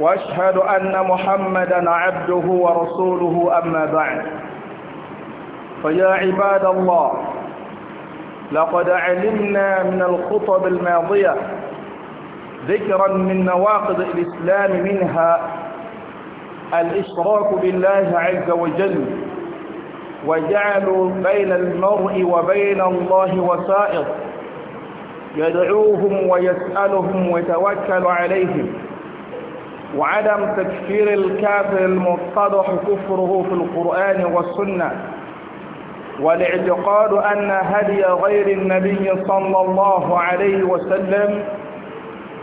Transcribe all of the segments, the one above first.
واشهد ان محمدا عبده ورسوله اما بعد فيا عباد الله لقد علمنا من الخطب الماضيه ذكرا من نواقض الاسلام منها الاشراك بالله عز وجل وجعلوا بين المرء وبين الله وسائط يدعوهم ويسالهم ويتوكل عليهم وعدم تكفير الكافر المتضح كفره في القرآن والسنة والاعتقاد أن هدي غير النبي صلى الله عليه وسلم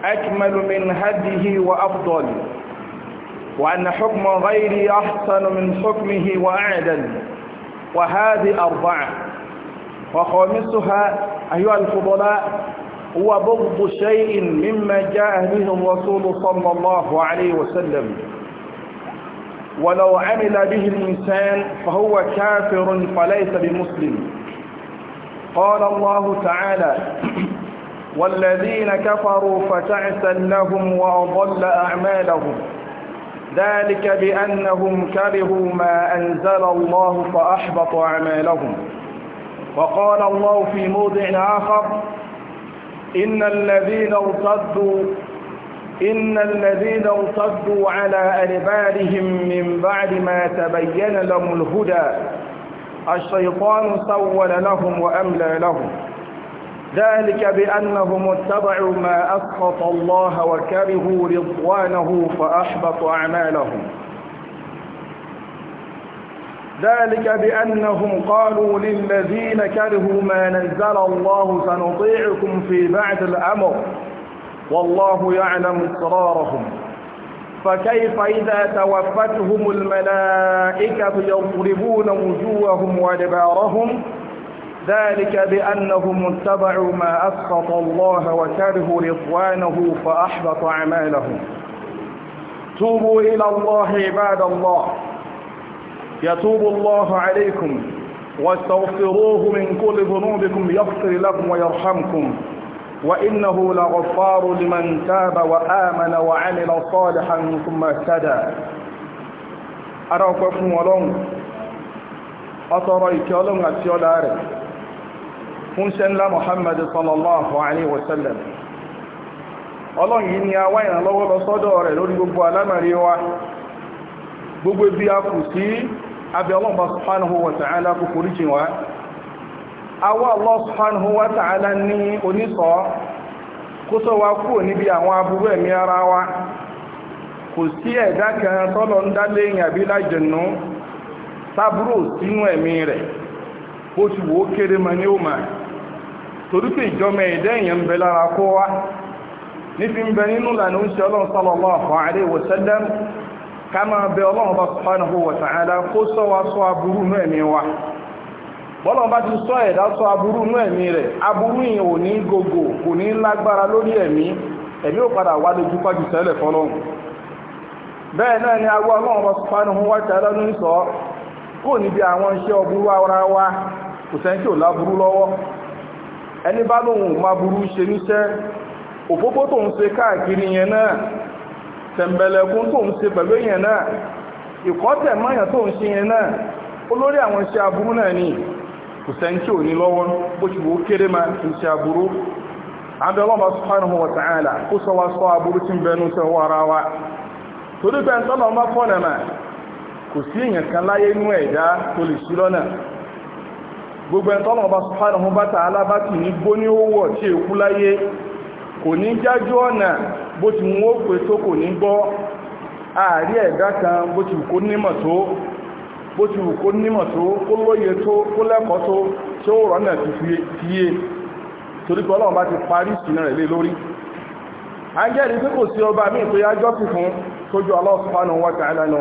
أكمل من هديه وأفضل وأن حكم غيري أحسن من حكمه وأعدل وهذه أربعة وخامسها أيها الفضلاء هو بغض شيء مما جاء به الرسول صلى الله عليه وسلم ولو عمل به الإنسان فهو كافر فليس بمسلم قال الله تعالى والذين كفروا فتعسا لهم وأضل أعمالهم ذلك بأنهم كرهوا ما أنزل الله فأحبط أعمالهم وقال الله في موضع آخر إن الذين ارتدوا إن الذين ارتدوا على أدبارهم من بعد ما تبين لهم الهدى الشيطان سول لهم وأملى لهم ذلك بأنهم اتبعوا ما أسخط الله وكرهوا رضوانه فأحبط أعمالهم ذلك بأنهم قالوا للذين كرهوا ما نزل الله سنطيعكم في بعد الأمر والله يعلم اصرارهم فكيف إذا توفتهم الملائكة يضربون وجوههم وأدبارهم ذلك بأنهم اتبعوا ما أسخط الله وكرهوا رضوانه فأحبط أعمالهم توبوا إلى الله عباد الله يتوب الله عليكم واستغفروه من كل ذنوبكم يغفر لكم ويرحمكم وإنه لغفار لمن تاب وآمن وعمل صالحا ثم اهتدى أراكم ولون أتريك لون أتيولار فنشن لا محمد صلى الله عليه وسلم ọlọ́run yìí ni a ìrànlọ́wọ́ lọ sọ́dọ̀ rẹ̀ lórí gbogbo alámàrí wa gbogbo ibi a kù sí abẹ́ Allah subhanahu wa ta'ala kò forí jìn wá awọ́ Allah subhanahu wa ta'ala ní onísọ́ kó sọ wa kúrò níbi àwọn aburú ẹ̀mí ara wa kò sí ẹ̀dá kan tọ́lọ ń dálé ìyàbí lájẹ̀nú sábúrò sínú ẹ̀mí rẹ̀ bó ti wò ó kéré ma ní ó máa torí pé ìjọmọ ẹ̀dá èèyàn ń bẹ lára kó wá nífi ń bẹ nínú ìlànà oúnjẹ ọlọ́run sallallahu alaihi wa sallam ka máa bẹ ọlọ́run bá subhanahu wa ta'ala kó sọ sọ aburú inú ẹ̀mí wa bọ́lọ́run bá ti sọ ẹ̀dá sọ aburú inú ẹ̀mí rẹ̀ aburú yìí ò ní gògò kò ní lágbára lórí ẹ̀mí ẹ̀mí ò padà wá bẹ́ẹ̀ náà ni agbó ọlọ́run bá sọ àwọn iṣẹ́ ọburú ara wa kò lọ́wọ́ ẹni bá lóhun burú ṣe níṣẹ́ òfófó tó tẹ̀m̀bẹ̀lẹ̀kún tó ń ṣe pẹ̀lú èèyàn náà ìkọ́tẹ̀ mọ́yàn tó ń ṣe yẹn náà olórí àwọn iṣẹ́ ni kò sẹ́ńtì òní lọ́wọ́ bó ṣe wó kéré ma iṣẹ́ aburú abẹ́lọ́mọ subhanahu wa ta'ala kó sọ wá sọ aburú ń bẹnu sọ wa torí pé ntọ́nà ọmọ mà kò sí èèyàn kan láyé inú ẹ̀dá tó lè lọ́nà gbogbo ẹ̀ntọ́nà ọmọ subhanahu wa ta bá ti ní gbóní owó tí èkú bó ti mú ó pè tó kò ní gbọ́ ààrí ẹ̀dá kan bó ti kó nímọ̀ tó bó ti kó nímọ̀ tó kó lóye tó kó lẹ́kọ̀ọ́ tó tí ó ti fi yé torí pé ọlọ́run bá ti parí ìsìnà rẹ̀ lé lórí a kò sí ọba míì tó yájọ́ sí fún tójú Allah subhanahu lọ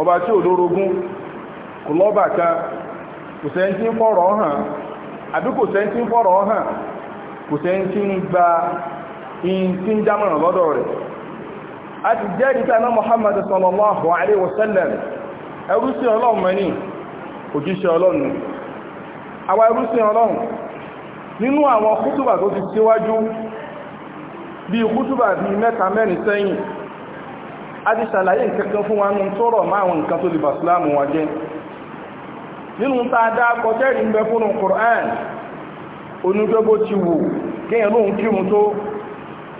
ọba tí ò lórogún kò lọ́bà kan kò gba ìyìntí ń dámọ̀ràn lọ́dọ̀ rẹ̀ a ti jẹ́rìí tánà Muhammad sallallahu alaihi wasallam ẹrúsí ọlọ́run mẹ́ni òjíṣẹ́ ọlọ́run àwọn ẹrúsí ọlọ́run nínú àwọn kútùbà tó ti síwájú bí kútùbà bí mẹ́ta mẹ́rin sẹ́yìn a ti ṣàlàyé nǹkankan fún wa nù tó rọ̀ máa wọn nǹkan tó lè jẹ́ nínú ta dá kọjẹ́rìí ń bẹ fún Qur'an onígbẹ́gbó ti wù kéèyàn lóhun kírun tó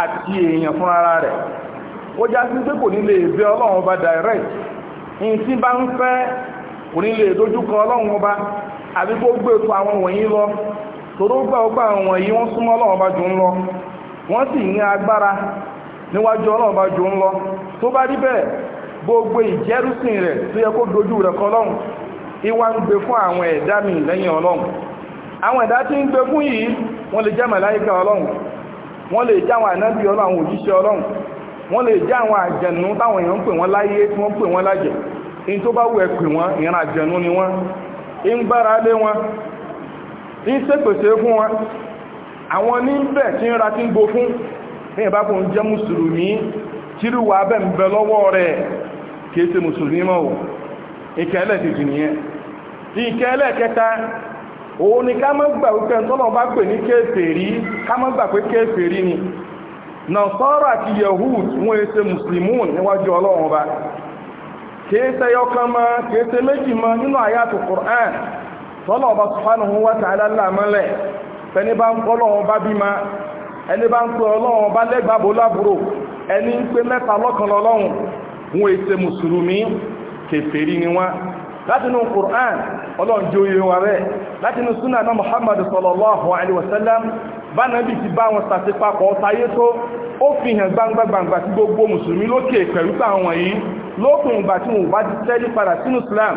àti èèyàn fún ara rẹ̀ ó já sí pé kò ní lè ọba direct in tí bá ń fẹ́ kò ọlọ́run ọba àbí kó gbé ètò àwọn wọ̀nyí lọ tòró gbà ọgbà àwọn yìí wọ́n súnmọ́ ọlọ́run ọba jù ń lọ wọ́n sì ní agbára níwájú ọlọ́run ọba jù ń lọ tó bá rí bẹ́ẹ̀ gbogbo ìjẹ́rúsìn rẹ̀ tó yẹ kó dojú kọ ọlọ́run ìwà ń gbé fún àwọn ẹ̀dá mi lẹ́yìn ọlọ́run àwọn ẹ̀dá tí ń gbé fún yìí wọ́n lè já àwọn ànábì ọlọ́run àwọn òjíṣẹ́ ọlọ́run wọ́n lè já àwọn àjẹ̀nú táwọn èèyàn ń pè wọ́n láyé tí wọ́n pè wọ́n lájẹ̀ in tó bá wù ẹ́ pè wọ́n ìran àjẹ̀nú ni wọ́n in gbára lé wọn in ṣépèsè fún wọn àwọn ní bẹ̀ tí ń ra tí ń bo fún ní ìbá kò jẹ́ mùsùlùmí tíruwà bẹ̀ ń bẹ lọ́wọ́ rẹ̀ kìí ṣe mùsùlùmí mọ́ ìkẹ́lẹ̀ kejì nìyẹn ìkẹ́lẹ̀ kẹta òun ni ká mọ́ gbà wípé tọ́lọ̀ bá pè ní ká mọ́ gbà pé ni nàṣọ́rọ̀ àti yahud wọ́n èsè mùsùlùmún níwájú ọlọ́run ba kéèsè yọkan mọ́ kéèsè méjì mọ́ nínú àyàtò Qur'an tọ́lọ̀ ọba subhanahu wa ta'ala lámọ́lẹ̀ fẹni bá ń ba ọlọ́run bá bímọ ẹni bá ń pè ọlọ́run ọba lẹ́gbàbó lábúrò ẹni ń mẹ́ta lọ́lọ́run wọ́n mùsùlùmí ni wọ́n ọlọ́run jẹ́ oyè wọn rẹ̀ láti inú súnà náà Muhammad sallallahu alaihi wasallam bá nàbí ti bá wọn sàti papọ̀ sáyé tó ó fi hàn gbangba gbangba tí gbogbo mùsùlùmí lókè pẹ̀lú àwọn yìí lókùn ìgbà tí wọn bá ti tẹ́lí padà sínú Islam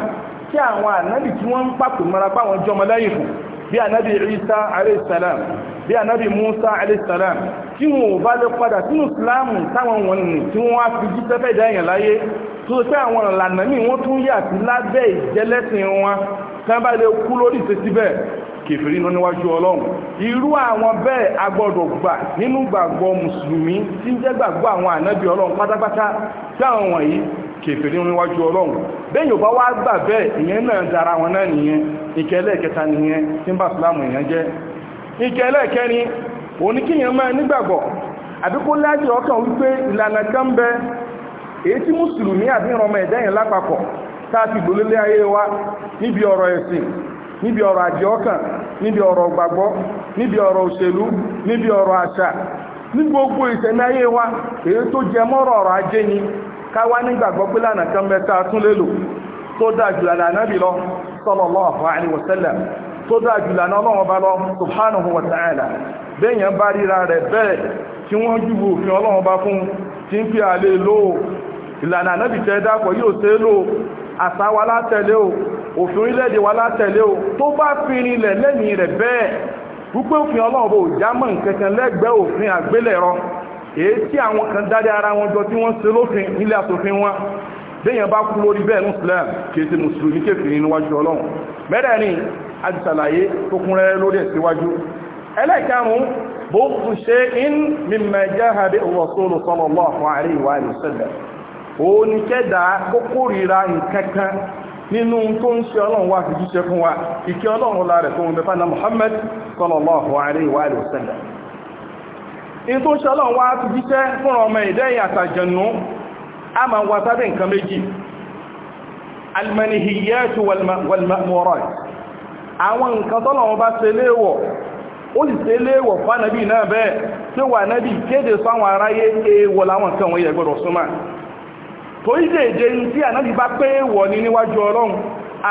kí àwọn ànábì tí wọ́n ń pàpò mara bá wọn jọmọ lẹ́yìn fún bí ànábì Isa alayhi salam bí ànábì Musa alayhi salam tí bá lè padà sínú Islam táwọn wọn nì tí wọ́n á fi jíṣẹ́ fẹ́ dáyàn láyé tó pé àwọn ìlànà wọ́n tún yà sí lábẹ́ ìjẹ́lẹ́sìn wọn tán bá lè kú lórí ìṣesí bẹ́ẹ̀ kèfèrí lọ níwájú ọlọ́run irú àwọn bẹ́ẹ̀ agbọ́dọ̀ gbà nínú gbàgbọ́ mùsùlùmí tí ń jẹ́ gbàgbọ́ àwọn ànábì ọlọ́run pátápátá tí àwọn wọ̀nyí kèfèrí níwájú ọlọ́run bẹ́ẹ̀ yóò bá wá gbà bẹ́ẹ̀ ìyẹn náà dára wọn náà nìyẹn ìkẹlẹ̀ kẹta nìyẹn tí ń bá fúlàmù ìyẹn jẹ́ ìkẹlẹ̀ kẹrin òní kíyàn máa nígbàgbọ́ àbí kó ọkàn wípé ìlànà kan bẹ èyí tí mùsùlùmí àbí ìrọmọ ẹ̀dẹ́yìn lápapọ̀ káàkiri gbólélé ayé wa níbi ọ̀rọ̀ ẹ̀sìn níbi ọ̀rọ̀ àjẹ́ níbi ọ̀rọ̀ gbàgbọ́ níbi ọ̀rọ̀ òṣèlú níbi ọ̀rọ̀ wa èyí tó jẹ mọ́rọ̀ ọ̀rọ̀ ajé ni káwá nígbàgbọ́ pé lánàá kan mẹ́ta tún lélò tó dáa jù lánàá nábì lọ sallallahu alaihi wasallam tó dáa ọlọ́run bá lọ bá ríra rẹ̀ bẹ́ẹ̀ tí wọ́n ju òfin ọlọ́run bá fún ń fi àlè lò ìlànà dápọ̀ yóò tẹ́ àṣà wa látẹ̀lé o òfin orílẹ̀-èdè wa látẹ̀lé o tó bá fi rinlẹ̀ lẹ́mìí rẹ̀ bẹ́ẹ̀ wípé òfin ọlọ́run bò jámọ̀ nkankan lẹ́gbẹ̀ẹ́ òfin àgbélẹ̀rọ èyí tí àwọn kan dárí ara wọn jọ tí wọ́n ṣe lófin nílé asòfin wọn béèyàn bá kú lórí bẹ́ẹ̀ ní islam kìí ṣe mùsùlùmí kéfìrí níwájú ọlọ́run mẹ́rẹ̀ẹ̀rin àdìsàlàyé tó kúnrẹ́ lórí ẹ̀síwájú ẹlẹ́ẹ̀kárùn-ún bó ń ṣe in mímẹ̀ jáhàbí ìwọ̀sọ́lù sallallahu alaihi wa sallam òun ni kẹ́dà kókórìíra nǹkan kan nínú tó ń ṣe ọlọ́run wá fi jíṣẹ́ fún wa ìkẹ́ ọlọ́run ọlá rẹ̀ tó ń bẹ́fà náà Muhammad sallallahu alaihi wa sallam in tó ń ṣe ọlọ́run wá fi jíṣẹ́ fún ọmọ ìdẹ́yìn àtàjẹ̀nú a máa nǹkan méjì almanihiyatu bá ṣe léèwọ̀ ó sì ṣe léèwọ̀ fánàbí náà bẹ́ẹ̀ tí wà náà bí kéde sáwọn aráyé èèwọ̀ láwọn nǹkan wọ́n yẹ gbọ́dọ̀ súnmọ́ tó ìdè èdè ní tí ànábì bá pé wọ̀ ní níwájú ọlọ́run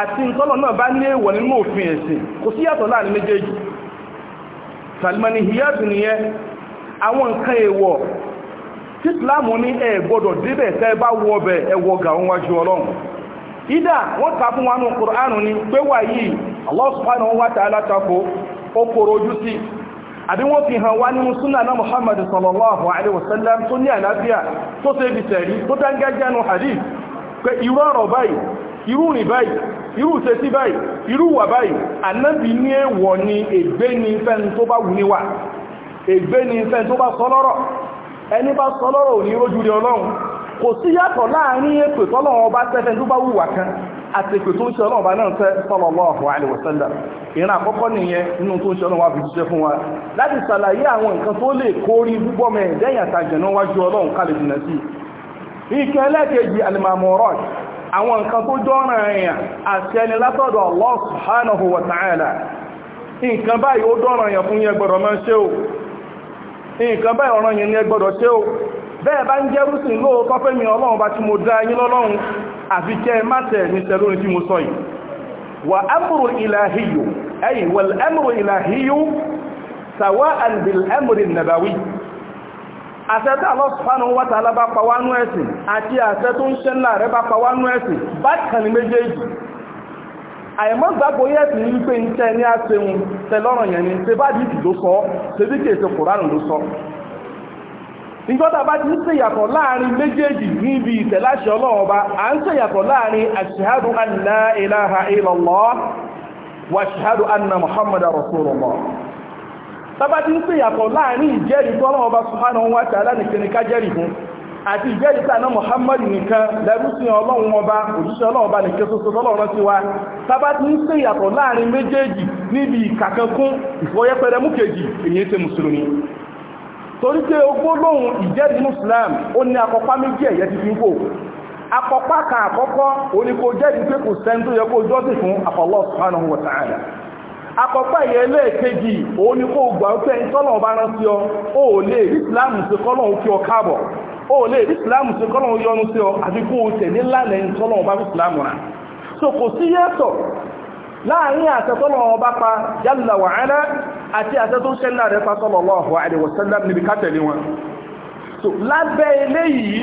àti ìtọ́lọ̀ náà bá ní èwọ̀ nínú òfin ẹ̀sìn kò sí yàtọ̀ láàrin méjèèjì salmani hiyadu nìyẹn àwọn nǹkan èwọ̀ tí islam ní ẹ gbọ́dọ̀ débẹ̀ tẹ́ bá wọ bẹ ẹwọ gà níwájú ọlọ́run àbí wọ́n fi hàn wá nínú súnà náà muhammad sallallahu alaihi wasallam tó ní àlàáfíà tó tẹ́ ibi tẹ̀rí tó dángájá nù hadith pé irú ọ̀rọ̀ báyìí irú rìn báyìí irú ìṣesí báyìí irú wà báyìí ànábì ní èèwọ̀ ni ègbé ni fẹ́n tó bá wù níwà ègbé ni fẹ́n tó bá sọlọ́rọ̀ ẹni bá sọlọ́rọ̀ ò ní rójú ìran àkọ́kọ́ nìyẹn nínú tó ń ṣe ọlọ́wà fi jíṣẹ́ fún wa láti ṣàlàyé àwọn nǹkan tó lè kórí púpọ̀ mẹ́rin dẹ́yìn àtàjẹ̀nà wájú ọlọ́run kálẹ̀ jìnà sí ìkẹ́ ẹlẹ́kẹ̀ẹ́jì alimamorat àwọn nǹkan tó jọ́ràn èèyàn àti ẹni látọ̀dọ̀ wa ta'ala nǹkan ni ẹ gbọ́dọ̀ ṣe o bẹ́ẹ̀ أي والأمر إلهي سواء بالأمر النبوي àṣẹ الله سبحانه وتعالى wa ta'ala bá pa wá nú ẹ̀sìn àti àṣẹ tó ń ṣe ńlá rẹ̀ bá pa wá nú ẹ̀sìn bá kàní méjèèjì àìmọ́ gbàgbọ́ yẹ́sì ní wípé ń tẹ́ ní àṣẹun tẹ́lọ́rọ̀ yẹn ni ṣe bá dìtì ló sọ ṣe bí kèsè kòránù ló sọ ìjọba bá ti ń ṣèyàtọ̀ láàrin méjèèjì níbi ìtẹ̀láṣẹ Ọlọ́run à ń ṣèyàtọ̀ láàrin ashhadu an la wàṣíhádù anna muhammadu rasulullah tàbá ti ń láàrin ìjẹ́rì tó ọlọ́wọ́ bá wa ta'ala nìkan ní ká jẹ́rì fún àti ìjẹ́rì tàná muhammadu nìkan lẹ́rúsìn ọlọ́run ọba òjíṣẹ́ ọlọ́run ọba nìkan tó tọ́lọ́run sí wa ti ń pè yàtọ̀ láàrin méjèèjì níbi ìkàkankún ìfọyẹ́pẹrẹ akọpá kan àkọ́kọ́ oníkó jẹ́rì pé kò sẹ́ńtò yẹ kó jọ́sì fún Allah subhanahu wa ta'ala akọpá ìyẹ́ ẹlẹ́ẹ̀kejì oníkó gbà pé ẹni tọ́lọ̀ bá rán sí ọ ó lè rí ìsìláàmù sí kọ́lọ̀ kí ọ káàbọ̀ ó lè rí ìsìláàmù sí kọ́lọ̀ yọnu sí ọ àti kó o tẹ̀lé lánàá ẹni tọ́lọ̀ bá rí ìsìláàmù rà so kò sí yẹ́sọ̀ láàrin àtẹ́tọ́lọ̀ ọba pa jalla wa ala àti àtẹ́tọ́ sẹ́lá rẹ̀ pa sallallahu alaihi wasallam níbi kátẹ̀lé wọn so lábẹ́ eléyìí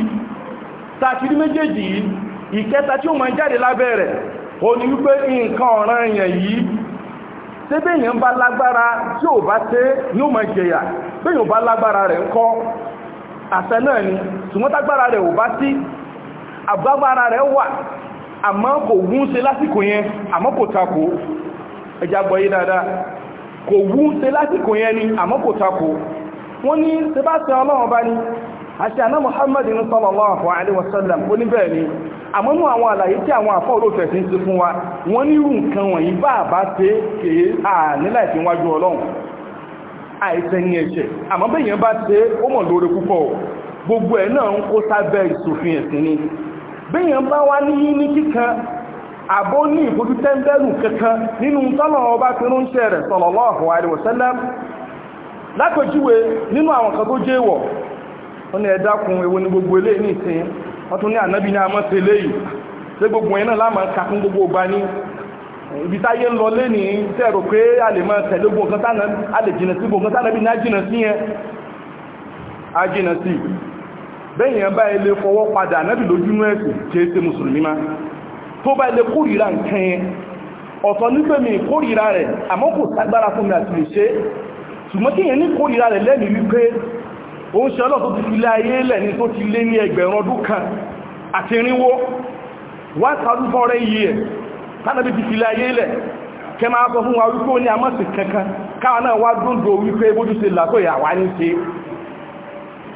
tàkiri méjèèjì yìí ìkẹta tí ó máa jáde lábẹ́ rẹ̀ ó ní wípé nǹkan ọ̀ràn èèyàn yìí tẹ́bẹ̀ èèyàn bá lágbára tí ò bá tẹ́ yóò máa jẹyà bẹ́yàn bá lágbára rẹ̀ ń kọ́ àṣẹ náà ni ṣùgbọ́n tágbára rẹ̀ ò bá sí àbágbára rẹ̀ wà àmọ́ kò wún ṣe lásìkò yẹn àmọ́ kò takò ẹjà gbọ́yé dáadáa kò wún ṣe lásìkò yẹn ni àmọ́ kò takò wọ́n ní ṣe bá ṣe ọlọ́run bá ní àti àná Muhammad ní sallallahu alaihi wasallam oníbẹ̀ẹ́ ni àmọ́ mú àwọn àlàyé tí àwọn àfọ́ olóòfẹ́ ti ń ṣe fún wa wọ́n ní irú nǹkan wọ̀nyí bá àbá pé kèé àníláì fi wájú Ọlọ́run àìsẹ̀ ní ẹ̀ṣẹ̀ àmọ́ bẹ́yẹn bá ṣe ó mọ̀ lóore púpọ̀ gbogbo nínú àwọn kan tó jẹ́ wọ̀ wọ́n ní ẹ dákun èwo ni gbogbo eléyìí nìsín wọ́n tún ní ànábì ní àmọ́ sí eléyìí ṣé gbogbo yẹn náà láàmà ká fún gbogbo ọba ní ibi táyé ń lọ lẹ́nìí tẹ́ rò pé a lè máa tẹ̀lé gbogbo nǹkan tánà a lè jìnà sí gbogbo nǹkan náà jìnà sí yẹn a jìnà sí bẹ́ẹ̀ yẹn bá ilé fọwọ́ padà ànábì lójú inú ẹ̀sìn kì í ṣe mùsùlùmí má tó bá ilé kórìíra nǹkan yẹn ọ̀tọ̀ nígbè mi kórìíra rẹ̀ àmọ́ kò ságbára fún mi àti lè ṣe ṣùgbọ́n kí yẹn ní kórìíra rẹ̀ lẹ́nìí wípé òun ṣe ọlọ́ tó ti fi lé ayé lẹ̀ ní tó ti lé ní ẹgbẹ̀rún ọdún kan àti irínwó 1400 years tánàbí ti fi lé ayé lẹ̀ kẹ máa sọ fún wa wípé ó ní amọ́sì kankan káwa náà wá dúndò wípé bójú ṣe làkó ìyàwó ní ṣe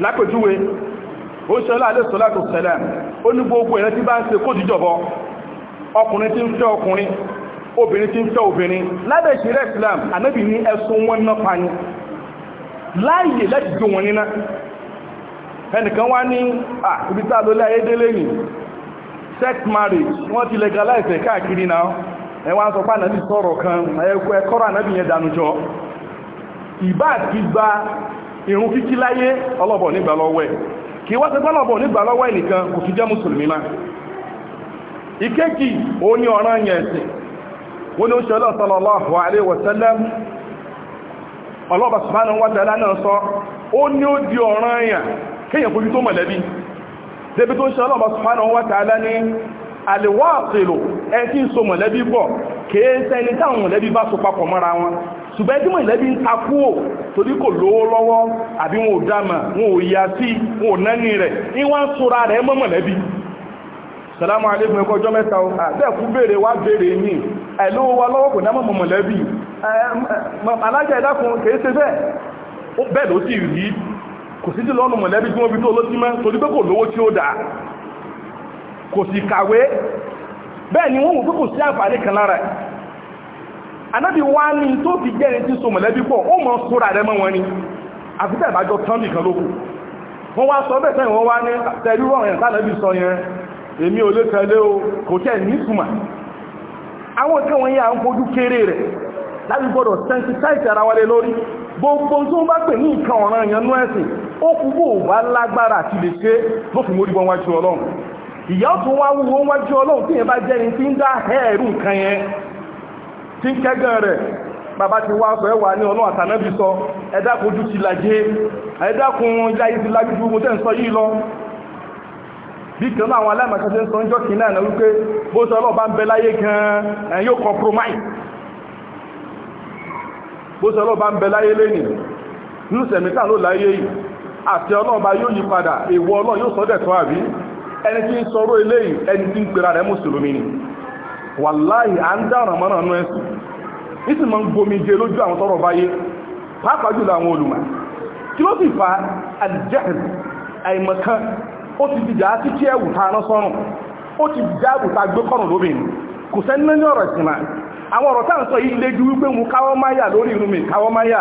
lápẹ̀júwe ó ṣe ọlá àdẹ́sọ́lá tó sẹ́lẹ̀ ó ní gbogbo ẹ̀rẹ́ tí bá ń ṣe kó jíjọ̀bọ ọkùnrin tí ń fẹ́ ọkùnrin obìnrin tí ń fẹ́ obìnrin lábẹ́ ìṣẹ́rẹ́ Islam anábì ẹ̀sùn wọn náà pa láàyè láti jó wọn níná ẹnìkan wá ní à ayédélé sex marriage wọ́n ti legalize ẹ̀ káàkiri náà ẹwọ́n sọ pàdánà sọ̀rọ̀ kan ẹkọ́rọ̀ ànábì yẹn dànújọ́ ìbá àti gba irun kíkí láyé ọlọ́bọ̀ nígbà lọ́wọ́ kí wá sẹpẹ́ ọlọ́bọ̀ nígbà kò fi jẹ́ mùsùlùmí má ó ní ọlọ́ọ̀bà subhanahu wa ta'ala náà sọ ó ní ó di ọ̀ràn èèyàn kéèyàn fojú tó mọ̀lẹ́bí débi tó ń ṣe ọlọ́ọ̀bà subhanahu wa ta'ala ní àlèwàṣèlò ẹ tí ń so mọ̀lẹ́bí pọ̀ kèé sẹ́ni táwọn mọ̀lẹ́bí bá so papọ̀ mọ́ra wọn ṣùgbẹ́ tí mọ̀lẹ́bí ń takú ò torí kò lówó lọ́wọ́ àbí wọn ò dámà wọn ò yá sí wọn ò náni mẹ́ta ọ̀ àbẹ́ẹ̀kú béèrè wá béèrè ní ẹ̀lówó wa lọ́wọ́ kò dámọ̀ mọ̀lẹ́bí alájà ìdákun kìí ṣe bẹ́ẹ̀ bẹ́ẹ̀ ló sì rí kò sí jùlọ ọ̀nà mọ̀lẹ́bí tí wọ́n fi tó lótí mọ́ torí pé kò lówó tí ó dáa kò sì kàwé bẹ́ẹ̀ ni wọ́n wù pé kò sí àǹfààní kan lára ẹ̀, wá ní tó so mọ̀lẹ́bí pọ̀ ó mọ̀ sóra rẹ mọ́ wọn ni àfíkà ìbájọ tán nìkan ló kù wọ́n wá sọ bẹ́ẹ̀ wọ́n wá ní o kò láti gbọ́dọ̀ sensitize ara wálé lórí gbogbo tó bá pè ní nǹkan ọ̀ràn ìyànú ẹ̀sìn ó kú bò bá lágbára àti lè ṣe ló fi mórí wọn wájú ọlọ́run ìyá ọ̀tún wá wúwo wájú ọlọ́run tí yẹn bá jẹ́ni tí ń dá ẹ̀rù nǹkan yẹn tí ń kẹ́gàn rẹ̀ bàbá ti wá sọ ẹwà ní ọlọ́run ń sọ yìí náà náà wípé bó sọ ọlọ́ọ̀bá ń bẹ láyé gan-an yóò compromise bó ọlọ́ọ̀bá ń bẹ láyé lẹ́yìn nínú ló láyé yìí àti ọlọ́ọ̀bá yóò yí padà èwọ ọlọ́ọ̀ yóò sọ́dẹ̀ àbí ẹni tí ń sọ̀rọ̀ eléyìí ẹni tí ń pera rẹ̀ mùsùlùmí ni wàláhì à ń dá nú ẹ̀sùn mọ́ ń gbomi jẹ lójú àwọn báyé pàápàá jùlọ àwọn olùmọ̀ kí ló sì fa àjẹ́hìn àìmọ̀kan ọ̀rọ̀ àwọn ọ̀rọ̀ táà ń sọ yìí lé ju wípé mú káwọ́ máyà lórí irun mi káwọ́ máyà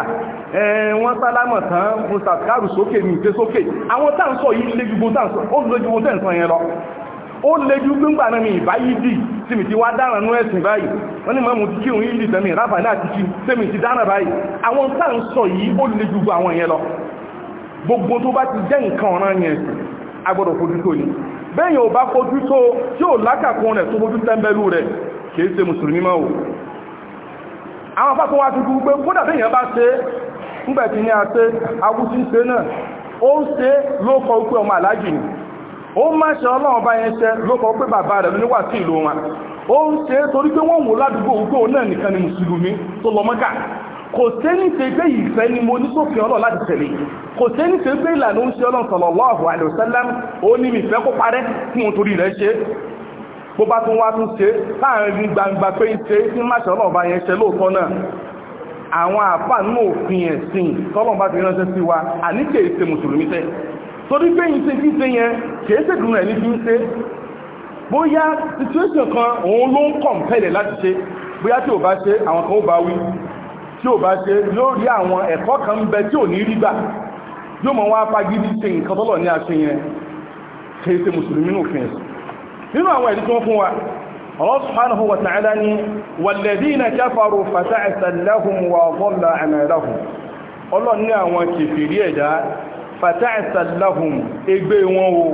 wọ́n sálámọ̀ tán mú sàkárù sókè mi ìgbé sókè àwọn táà ń sọ yìí lé gbogbo táà yẹn lọ ó lé ju gbígbà mi ìbáyìí dì tí mi ti wá dáràn nú ẹ̀sìn báyìí wọ́n ní mọ́mù tí kírun yìí lì tẹ́mi rábà náà ti kí tẹ́mi ti dáràn báyìí àwọn táà ń sọ yìí ó lé ju àwọn yẹn lọ gbogbo tó bá ti jẹ́ nǹkan ọ̀ràn yẹn agbọ́dọ̀ fojú tó ni bẹ́yìn ò bá fojú tó tí ò lákàkún rẹ̀ tó fojú tẹ́ńbẹ́lú kìí ṣe mùsùlùmí máa wò àwọn afẹ́kọ́ wá ti kú pé kódà tí èyàn bá ṣe ńgbẹ̀tí ní àṣẹ agúsí ṣe náà ó ń ṣe lókọ pé ọmọ aláàjì ni ó má ṣe ọlọ́run bá yẹn ṣe lókọ pé bàbá rẹ̀ níwà sí ìlú wọn ó ń ṣe torí pé wọ́n wò ládùúgbò wípé òun náà nìkan ni mùsùlùmí tó lọ mọ́kà kò sé ní ṣe pé ìfẹ́ ni mo ní sófin ọlọ́ láti tẹ̀lé kò sé ní ṣe pé ìlànà ń ṣe ọlọ́run sallallahu alaihi wasallam ó ní mi ìfẹ́ kó parẹ́ fún òun torí rẹ̀ ṣe bó bá tún wá tún ṣe láàrin gbangba pé ń ṣe tí máṣe ọlọ́ọ̀bá yẹn ṣe lóòótọ́ náà àwọn àpá nínú òfin ẹ̀sìn tọ́lọ́ọ̀bá ti ránṣẹ́ sí wa àníkè ìṣe mùsùlùmí tẹ́ torí pé ń ṣe kí ṣe yẹn kìí ṣe dùn ẹni fi ń ṣe bóyá situation kan òun ló ń kọ̀m̀pẹ́lẹ̀ láti ṣe bóyá tí ò bá ṣe àwọn kan ó bá wí tí ò bá ṣe yóò rí àwọn ẹ̀kọ́ kan ń bẹ tí ò ní rí gbà yóò mọ̀ wá fagídí ṣe nǹkan tọ́lọ̀ ní aṣe yẹn kìí ṣe mùsùlùmí nù fi ẹ̀sìn nínú àwọn ẹ̀rí tó fún wa Allah subhanahu wa ta'ala ni walladhina kafaru fata'asan lahum wa dhalla a'malahum ọlọ́n ní àwọn kèfèrí ẹ̀dá fata'asan lahum egbé wọn o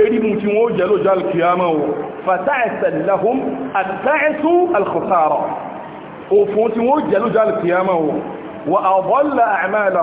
erimu tí wọ́n jẹ́ lójọ́ alkiyama wọ́n jẹ́ lójọ́ alkiyama o wa adalla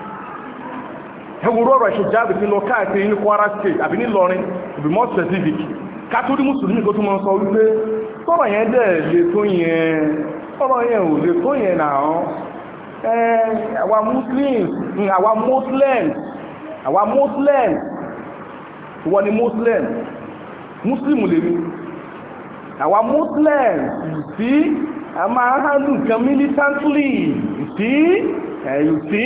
ẹwùrú ọ̀rọ̀ ìṣèjáde ti lọ káàkiri ní Kwara State àbí nílọrin to be more specific kátólí mùsùlùmí kó tún mọ́ sọ wípé sọ̀rọ̀ yẹn dẹ̀ lè tó yẹn sọ̀rọ̀ yẹn ò lè tó yẹn náà àwa muslims àwa muslims àwa muslims wọ́n ni muslims muslim lè mi àwa muslims sí a máa ń hàn nǹkan militantly sí ẹ̀yù sí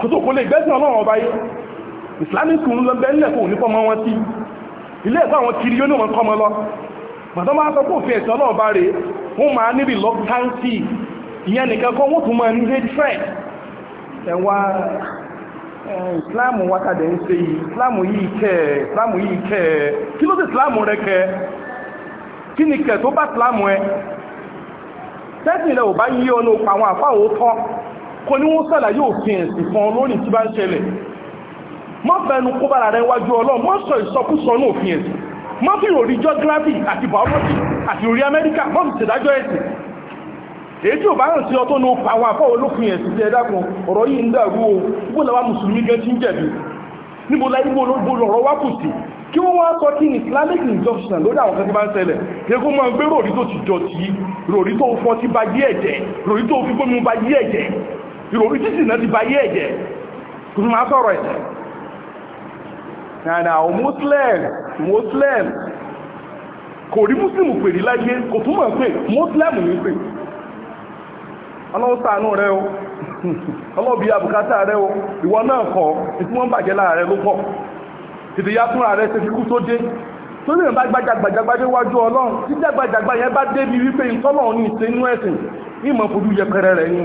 kòtò kò lè gbẹ́sìn ọlọ́run ọba yìí islamic school lọ bẹ́ẹ̀lẹ̀ kò ní fọ́mọ wọn sí ilé ẹ̀kọ́ àwọn kiri yóò ní wọn kọ́mọ lọ màtọ́ máa sọ fún òfin ẹ̀sìn ọlọ́run ọba rẹ̀ wọ́n máa níbi lọ́kùtáǹsì ìyẹn nìkan kọ́ wọ́n tún máa ní hatred ẹ̀wà islam wákàdé ń ṣe yìí islam yìí kẹ́ islam yìí kẹ́ kí ló sì islam rẹ kẹ́ kí ni kẹ́ tó bá islam ẹ tẹ́sìn rẹ ò bá yí ọ kò ní wọ́n sàlàyé òfin ẹ̀sìn fún ọ lórí tí bá ń ṣẹlẹ̀ mọ́ fẹ́nu kó bára rẹ wájú ọlọ́run mọ́ sọ ìsọkúsọ ní òfin ẹ̀sìn mọ́ fi òrí geography àti biology àti orí amẹ́ríkà mọ́ fi ṣèdájọ́ ẹ̀sìn èyí tí ò bá hàn sí ọtọ́ ní ọpa àwọn afọ́ olófin ẹ̀sìn ti ẹ̀dá kan o gbogbo làwọn mùsùlùmí gan ti ń jẹ̀bi níbo la ibo lọ́rọ̀ wá kù sí kí wọ́n wá sọ kí ní islamic injunction lórí àwọn kan tí bá ń ṣẹlẹ̀ kí wọ́n máa gbé ròrí tó ti jọ tí ròrí tó fọ́ ti ba yí ẹ̀jẹ̀ ròrí tó fi gbómi ba yí ẹ̀jẹ̀ ìròrí títì náà ti ba yé ẹ̀jẹ̀ kò tún máa sọ̀rọ̀ ẹ̀jẹ̀ nàdà àwọn muslim muslim kò rí muslim pèrè láyé kò túmọ̀ pé muslim ní pè ọlọ́wọ́ sànú rẹ o ọlọ́bí abùkátà rẹ o ìwọ náà kọ ìtí wọ́n bàjẹ́ láàrẹ ló pọ̀ tètè yá fúnra rẹ ṣe kíkú tó dé tó lè bá gbajàgbàjàgbà déwájú ọlọ́run tí gbajàgbàjàgbà yẹn bá débi wípé ìtọ́lọ̀ ní ìṣe inú ẹ̀sìn ìmọ̀ fojú yẹpẹrẹ rẹ̀ yìí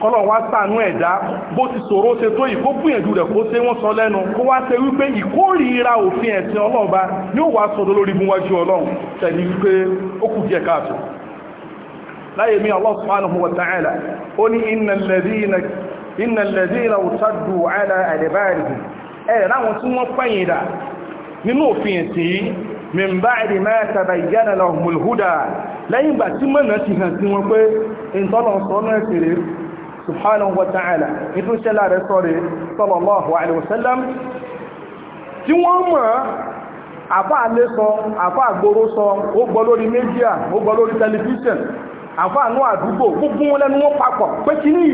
kọ́lọ̀ wá sànú ẹ̀dá bó ti ṣòro ṣe tó yìí kó gbìyànjú rẹ̀ kó ṣe wọ́n sọ lẹ́nu kó wá ṣe wípé ìkórìíra òfin ẹ̀sìn ọlọ́ọ̀ba yóò wá sọ̀dọ̀ lórí bí ọlọ́run min ba'di ma tabayyana lahumul huda lẹ́yìn ìgbà tí mọ̀nà ti hàn sí wọn pé ìtọ́lọ̀ sọ́nà ẹ̀sìn subhanahu wa ta'ala ìtúnṣẹ́lá rẹ̀ sọ́rẹ̀ sallallahu alaihi wasallam tí wọ́n mọ̀ àfá alé sọ àfá àgbóró sọ ó gbọ́ lórí media ó gbọ́ lórí television àfá àánú àdúgbò gbogbo wọn lẹ́nu wọn papọ̀ pé kí ní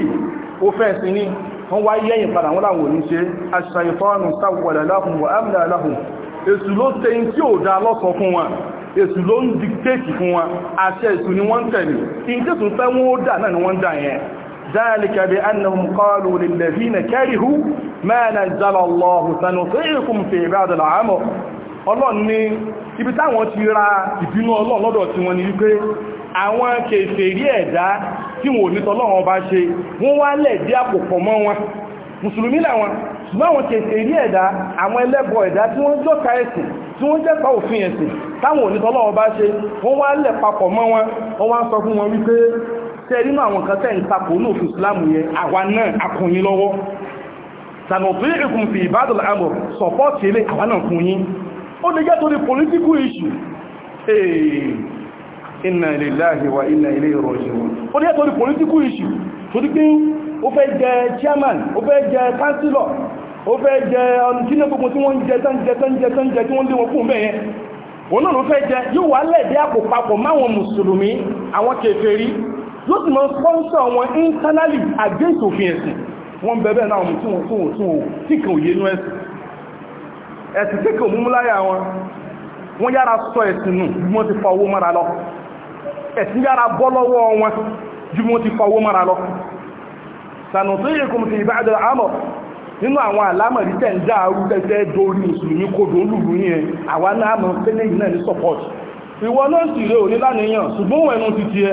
òfẹ́ ẹ̀sìn ni wọ́n wá yẹ́yìn padà wọn láwọn òní ṣe aṣàyẹ̀fọ́nù sáwọ̀lẹ̀ láhùn wà ámìlà láhùn èsù ló tẹ́yìn tí ò dá lọ́sọ̀ ń dìktéèkì fún wọn àṣẹ èsù ni wọ́n tẹ̀lé kí n tẹ́sùn fẹ́ wọ́n ó dà náà ni wọ́n dà yẹn ذلك بأنهم قالوا للذين كرهوا ما نزل الله سنطيعكم في بعض العمر ọlọ́run ní ibi táwọn ti ra ìbínú ọlọ́run lọ́dọ̀ tí wọ́n ní wípé àwọn kèfèrí ẹ̀dá tí wọ́n ní tọ́lọ́run bá ṣe wọ́n wá lẹ̀dí àpòpọ̀ mọ́ wọn mùsùlùmí làwọn ṣùgbọ́n àwọn kèfèrí ẹ̀dá àwọn ẹlẹ́bọ ẹ̀dá tí wọ́n jọ́ka ẹ̀sìn tí wọ́n jẹ́ pa òfin ẹ̀sìn táwọn onítọ́lọ́wọ́ bá ṣe wọ́n wá lẹ̀ papọ̀ mọ́ wọn wọ́n wá sọ fún wọn wípé tẹ́ nínú àwọn nǹkan tẹ́ ń takò ní òfin islamu yẹn àwa náà akùnrin lọ́wọ́ sànàbí ìkùn fi ìbádọ̀lá àmọ̀ sọ̀pọ̀tì ilé àwa náà fún ó lè jẹ́ torí political issue ee eh, inna lillahi wa inna chairman ó fẹ́ jẹ councillor ó fẹ́ jẹ ọdún tí wọ́n jẹ tán jẹ tán jẹ tán jẹ tí wọ́n lé wọn fún bẹ́ẹ̀ òun náà ló fẹ́ jẹ yóò wà lẹ́ẹ̀dẹ́ àpò papọ̀ máwọn mùsùlùmí àwọn kèfèrí ló sì mọ́ sponsor wọn internally against òfin ẹ̀sìn wọ́n bẹ̀bẹ̀ náà mú tún òtún òtún ò tí kàn òye inú ẹ̀sìn ẹ̀sìn tí kàn múmú láyà wọn wọ́n yára sọ ẹ̀sìn nù bí wọ́n ti fa owó mọ́ra lọ ẹ̀sìn yára bọ́ lọ́wọ́ wọn ju wọ́n ti fa owó mọ́ra lọ sànà tó yẹ kòmùtì ìbáàdà àmọ̀ nínú àwọn àlámọ̀rí tẹ̀ ń dá arú tẹ́tẹ́ dórí mùsùlùmí kodò lùlù yẹn àwa náà mọ̀ pé lẹ́yìn náà ní support ìwọ náà sì rè òní lánìyàn ṣùgbọ́n òun ẹnu ti tiẹ̀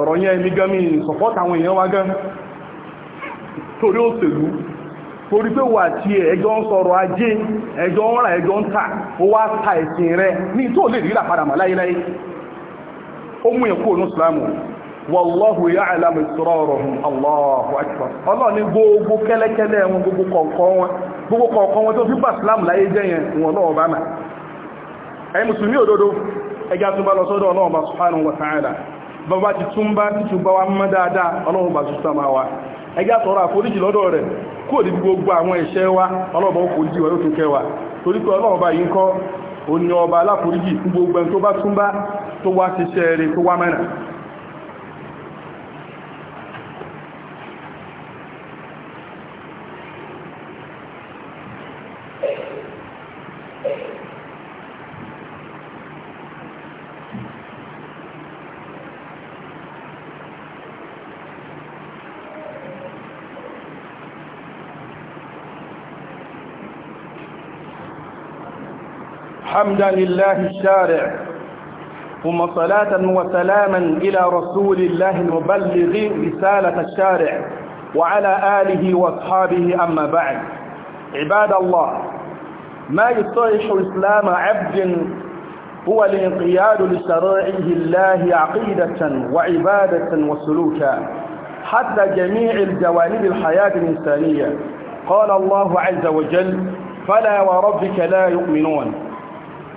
ọ̀rọ̀ yẹn mi gan mi sọ̀pọ́t àwọn èèyàn wá gan torí òṣèlú torí pé wà tí ẹjọ́ ń sọ̀rọ̀ ajé ẹjọ́ ń rà ẹjọ́ ń tà ó wá ta ẹ̀sìn rẹ ní tó lè rí làpadà mọ̀ láyéláyé ó mú ẹ̀kọ́ ònú ìsìlámù wàlláhù ya'lamu ìsọ̀rọ̀rọ̀hùn Allahu akbar ọlọ́run ní gbogbo kẹ́lẹ́kẹ́lẹ́ wọn gbogbo kọ̀ọ̀kan wọn gbogbo kọ̀ọ̀kan wọn tó fi bá ìsìlámù láyé jẹ́ yẹn wọn lọ́wọ́ bá mà ẹ̀yin mùsùlùmí òdodo ẹjá túnbá lọ sọ́dọ̀ ọlọ́run bá subhanahu wa ta'ala bàbá ti túnbá ti túnbá wa mọ́ dáadáa ọlọ́run bá sùsàmà wa ẹjá tọrọ àforíjì lọ́dọ̀ rẹ̀ kó ní gbogbo àwọn ẹ̀ṣẹ̀ wa ọlọ́run bá حمدا لله الشارع ثم صلاة وسلاما إلى رسول الله المبلغ رسالة الشارع وعلى آله وأصحابه أما بعد عباد الله ما يصلح إسلام عبد هو الانقياد لشرائه الله عقيدة وعبادة وسلوكا حتى جميع الجوانب الحياة الإنسانية قال الله عز وجل فلا وربك لا يؤمنون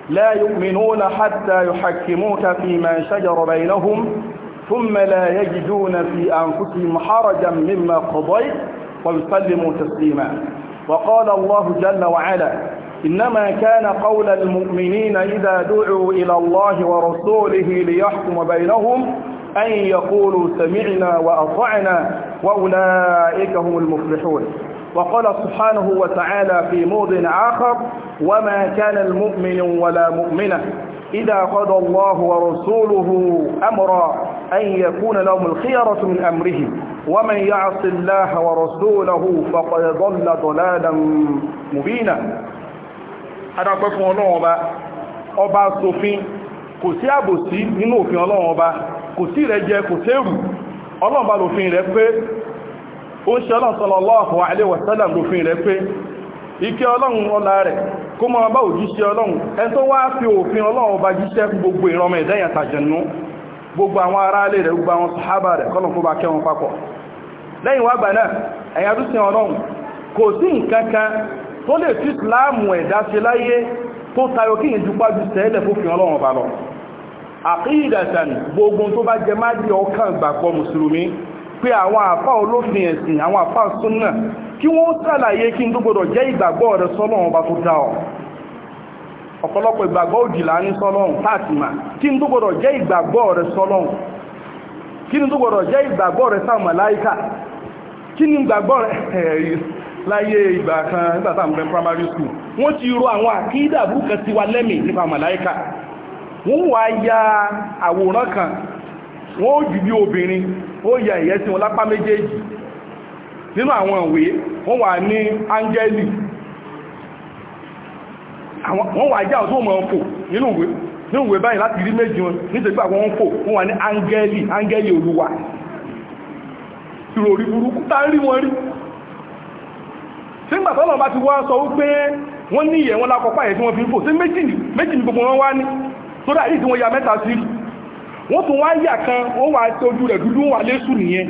لا يؤمنون حتى يحكموك فيما شجر بينهم ثم لا يجدون في أنفسهم حرجا مما قضيت ويسلموا تسليما وقال الله جل وعلا إنما كان قول المؤمنين إذا دعوا إلى الله ورسوله ليحكم بينهم أن يقولوا سمعنا وأطعنا وأولئك هم المفلحون وقال سبحانه وتعالى في موضع آخر وما كان المؤمن ولا مؤمنة إذا قضى الله ورسوله أمرا أن يكون لهم الخيرة من أمرهم ومن يعص الله ورسوله فقد ضل ضلالا مبينا أنا أقول الله أبا أبا صوفين kò sí àbòsí nínú òfin ọlọ́run ọba kò sí ìrẹ́jẹ kò sí èrù ọlọ́run ọba ó ṣe ọlọ́run sallallahu alaihi wa sallam lófin rẹ̀ pé ìkẹ́ ọlọ́run ọlá rẹ̀ kó máa bá òjíṣẹ́ ọlọ́run ẹn tó wá fi òfin ọlọ́run ọba jíṣẹ́ fún gbogbo ìrọmọ ìdẹ́yà tàjẹ̀nú gbogbo àwọn aráalé rẹ̀ gbogbo àwọn sàhábà rẹ̀ kọ́lọ̀ kó bá kẹ́ wọn papọ̀ lẹ́yìn wá gbà náà ẹ̀yà tó sin ọlọ́run kò sí nǹkan kan tó lè fi ìsìláàmù ẹ̀dá ṣe láyé tó tayọ kí ìjú pájú sẹ́lẹ̀ fófin ọlọ́run ọba lọ àkíyìdàtàn gbogbo tó bá jẹ má pé àwọn àfá olófin ẹ̀sìn àwọn àfá súnnà kí wọ́n sàlàyé kí n tó gbọdọ̀ jẹ́ ìgbàgbọ́ rẹ̀ sọ́lọ́run ọba tó dá ọ ọ̀pọ̀lọpọ̀ ìgbàgbọ́ òjìlá ní sọ́lọ́run táàtìmà kí n tó gbọdọ̀ jẹ́ ìgbàgbọ́ rẹ̀ sọ́lọ́run kí n tó gbọdọ̀ jẹ́ ìgbàgbọ́ kí ni ìgbàgbọ́ rẹ̀ láyé ìgbà kan nígbàtà mẹ́ primary school wọ́n ti ro àwọn àkídà burúkẹ́ tiwa lẹ́mì nípa wọ́n wá ya àwòrán kan wọ́n ó jù bí obìnrin ó yẹ ẹ̀yẹ́ sí wọn lápá méjèèjì nínú àwọn ìwé wọ́n wà ní áńgẹ́lì wọ́n wà jẹ́ àwọn ọmọ ọkọ̀ nínú ìwé nínú ìwé báyìí láti rí méjì wọn nítorí pé àwọn fò wọ́n wà ní áńgẹ́lì áńgẹ́lì olúwa ìròrí burúkú tá rí wọn rí sígbà tọ́lọ̀ bá ti wá sọ wípé wọ́n ní ìyẹ̀ wọn lákọ̀ọ́pá ẹ̀ tí wọ́n fi ń fò sí méjì ní gbogbo wọn wá ní tó dáa yìí tí wọ́n ya mẹ́ta sí wọ́n tún wá yà kan wọ́n wà tójú rẹ̀ dúdú wà lésù nìyẹn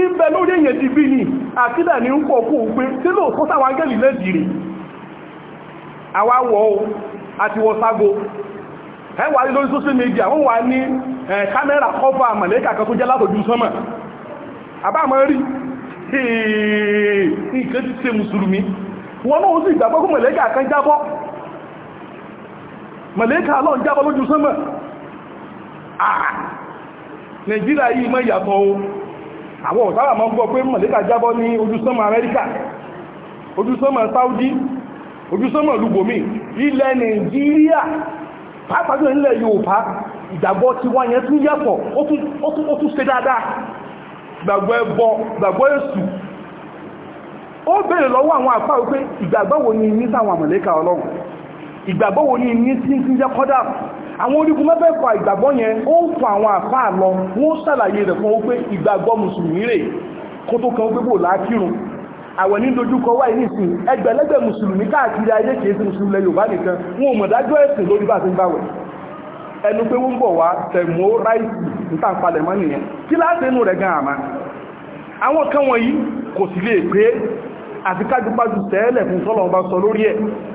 ibẹ̀ lórí èyàn ti bí ní àtílẹ̀ ní ń pọ̀ kó pé tí ló kó sáwọn angẹ́lì lẹ́dì rẹ̀ àwáwọ̀ àti wọ́ságo ẹwà lórí social media wọ́n wà ní kámẹ́rà kọ́fà màlẹ́kà kan tó jẹ́ látòjú sánmà àbámọ́ rí nǹkan ti ṣe mùsùlùmí wọn náà sì gbàgbọ́ màlẹ́kà kan jábọ́ màlẹ́kà lọ́n jábọ́ lójú sánmà àà ah! nàìjíríà yìí mọ́ ìyàtọ̀ o àwọn ọ̀sára mọ́ gbọ́ pé mọ̀lẹ́kà jábọ́ ní ojúsánmọ̀ amẹ́ríkà ojúsánmọ̀ saudi ojúsánmọ̀ lùgbòmí ilẹ̀ nàìjíríà pàápàá jùlọ nílẹ̀ yorùbá ìgbàgbọ́ ti wá yẹn tún yàtọ̀ ó tún ṣe dáadáa gbàgbọ́ ẹbọ gbàgbọ́ èṣù ó bèèrè lọ́wọ́ àwọn àpá wípé ìgbàgbọ́ wo ni ní sáwọn àmọ̀lẹ́kà ọlọ́run ìgbàgbọ́ wo ni ní tí ń jẹ́ kọ́dà àwọn orígun mẹ́fẹ̀ẹ̀fà ìgbàgbọ́ yẹn ó ń fa àwọn àfáà lọ wọ́n ṣàlàyé rẹ̀ fún wípé ìgbàgbọ́ mùsùlùmí rè kó tó kan wípé bò láàkírun àwọn ní dojúkọ wáyé nìsín ẹgbẹ̀lẹ́gbẹ̀ mùsùlùmí káàkiri ayé kìí sí mùsùlùmí lẹ yorùbá nìkan wọn ò mọ̀ dájọ́ ẹ̀sìn lórí bá ti ń báwẹ̀ ẹnu pé wọ́n ń bọ̀ wá tẹ̀mọ́ ráìsì níta palẹ̀mọ́ nìyẹn kí láti inú rẹ̀ gan àmà àwọn kan wọ̀nyí kò sì lè pé àti kájúpájú tẹ́ẹ̀lẹ̀ fún sọ́lọ́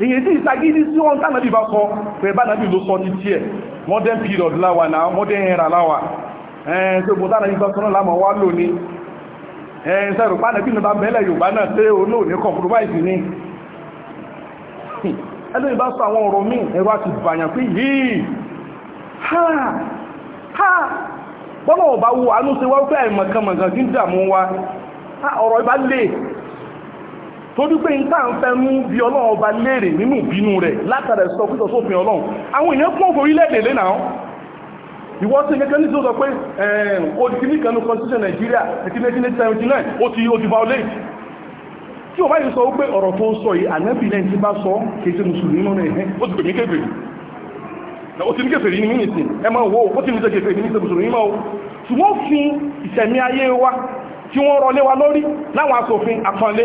èyí tí ìsagídí sí wọn tánàbí bá kọ pẹ̀ bá nàbí ló sọ ní tí ẹ̀ modern period láwà náà modern era láwà ẹ̀ẹ́n tó gbọ́n tánàbí bá sọ́nà lámọ̀ wá lò ní ẹ̀ẹ́n sẹ́rù pá nàbí nàbá mẹ́lẹ̀ Yorùbá náà tẹ́ olóò ní compromise ní ẹlò ìbá sọ àwọn ọ̀rọ̀ míì ẹ̀rọ àti bàyàn pé yìí ha ha bọ́lọ̀ ọ̀bá wo àánú ṣe wá pé àìmọ̀kànmọ̀kàn kí ń dààmú wa ọ̀rọ̀ ìbá lè torí pé nta ń fẹ́ mú bí ọlọ́run ọba léèrè nínú ìbínú rẹ̀ látara ẹ̀sọ́ pítọ̀ sófin ọlọ́run àwọn èèyàn pọ̀ orílẹ̀-èdè lẹ́nà ìwọ́n sí ẹgbẹ́ ní tí ó sọ pé òdìkíní kanú constitution Nigeria 1979 ó ti ó ti violate tí o bá yìí sọ wípé ọ̀rọ̀ tó sọ yìí ànábì lẹ́yìn tí bá sọ kéèsè mùsùlùmí náà ẹ̀hẹ́ ó ti pè ní kéfèrè ó ti ní kéfèrè ní mímìsì ẹ máa wò ó ti ní kéfèrè ní kéfèrè mùsùlùmí máa tí wọ́n fi ìṣẹ̀mí ayé wa tí wọ́n rọlé wa lórí láwọn asòfin àpọ́nlé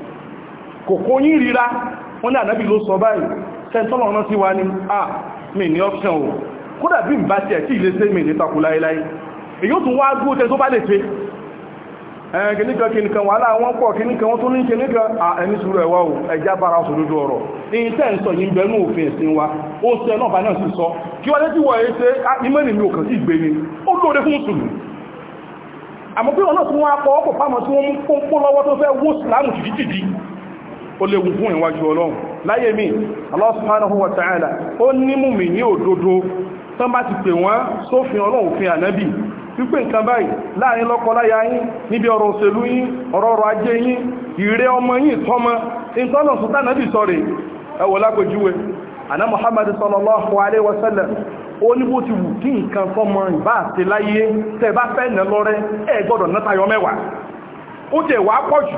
kòkó yí ríra wọ́n ní ànábì ló sọ báyìí tẹ́ntọ́lọ̀ ọ̀nà sí wa ní à mi ní option o kódà bí n bá ti ẹ̀tí ilé sí mi ní takù láíláí èyí ó tún wá gún tẹ́ tó bá lè ṣe kìníkan kìníkan wà láwọn pọ̀ kìníkan wọ́n tún ní kìníkan ẹni sùúrù ẹ̀wà o ẹjá bára sòdodo ọ̀rọ̀ ní tẹ́ ń sọ yìí bẹnu òfin ẹ̀sìn wa ó sẹ náà bá náà sì sọ kí wọ́n létí wọ̀ ẹ́ ṣe ìmẹ́rin mi ò kàn sí ìgbé ni ó lóore fún sùúrù àmọ́ bí wọn náà tún wá pọ̀ ọ̀pọ̀ fáwọn tí wọ́n mú pọ́npọ́n lọ́wọ́ tó fẹ́ wó sùlámù tìdítìdí ó léwu fún ìwájú ọlọ́run láyé mi Allah subhanahu wa ta'ala ó ní mùmí ní òdodo tán bá ti pè wọ́n sófin ọlọ́run fi ànábì wípé nǹkan báyìí láàrin lọ́kọláya yín níbi Muhammad sallallahu alaihi wasallam ó ní bó ti wù kí nǹkan fọ́mọ ìbá àti láyé tẹ́ bá fẹ́ nà lọ́rẹ́ nátayọ mẹ́wàá ó jẹ́ wàá pọ̀jù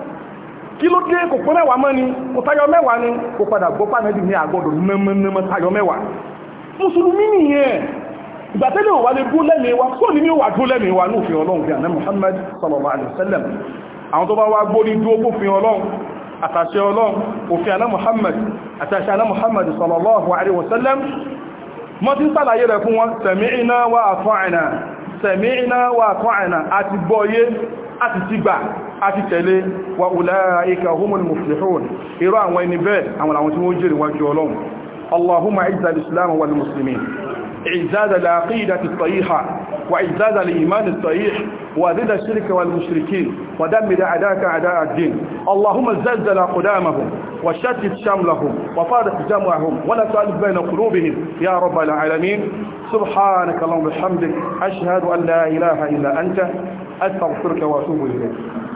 kí ló dé kò pé mẹ́wàá mọ́ ni kò tayọ mẹ́wàá ni kò padà gbọ́ pàdánù ní àgọ́dọ̀ nẹ́mọ́nẹ́mọ́ tayọ mẹ́wàá mùsùlùmí nìyẹn ìgbà tẹ́lẹ̀ wà lè dúró lẹ́mìí wa kó ní ní wà dúró lẹ́mìí wa ní òfin ọlọ́run bí i àná Muhammad sallallahu alaihi wasallam àwọn tó bá wá gbórí dúró fófin ọlọ́run àtàṣẹ ọlọ́run òfin àná Muhammad àtàṣẹ àná Muhammad sallallahu alaihi wasallam àti tẹ̀lé wa ulaika humul muflihun irú àwọn ẹni bẹ́ẹ̀ àwọn àwọn tí wọ́n jèrè wájú ọlọ́run allahumma izza al-islam wal muslimin إعزاز العقيدة الصحيحة وإعزاز الإيمان الصحيح وذل الشرك والمشركين ودمر أعداءك أعداء الدين اللهم زلزل قدامهم وشتت شملهم وفارق جمعهم ولا تؤلف بين قلوبهم يا رب العالمين سبحانك اللهم وبحمدك أشهد أن لا إله إلا أنت أستغفرك وأتوب إليك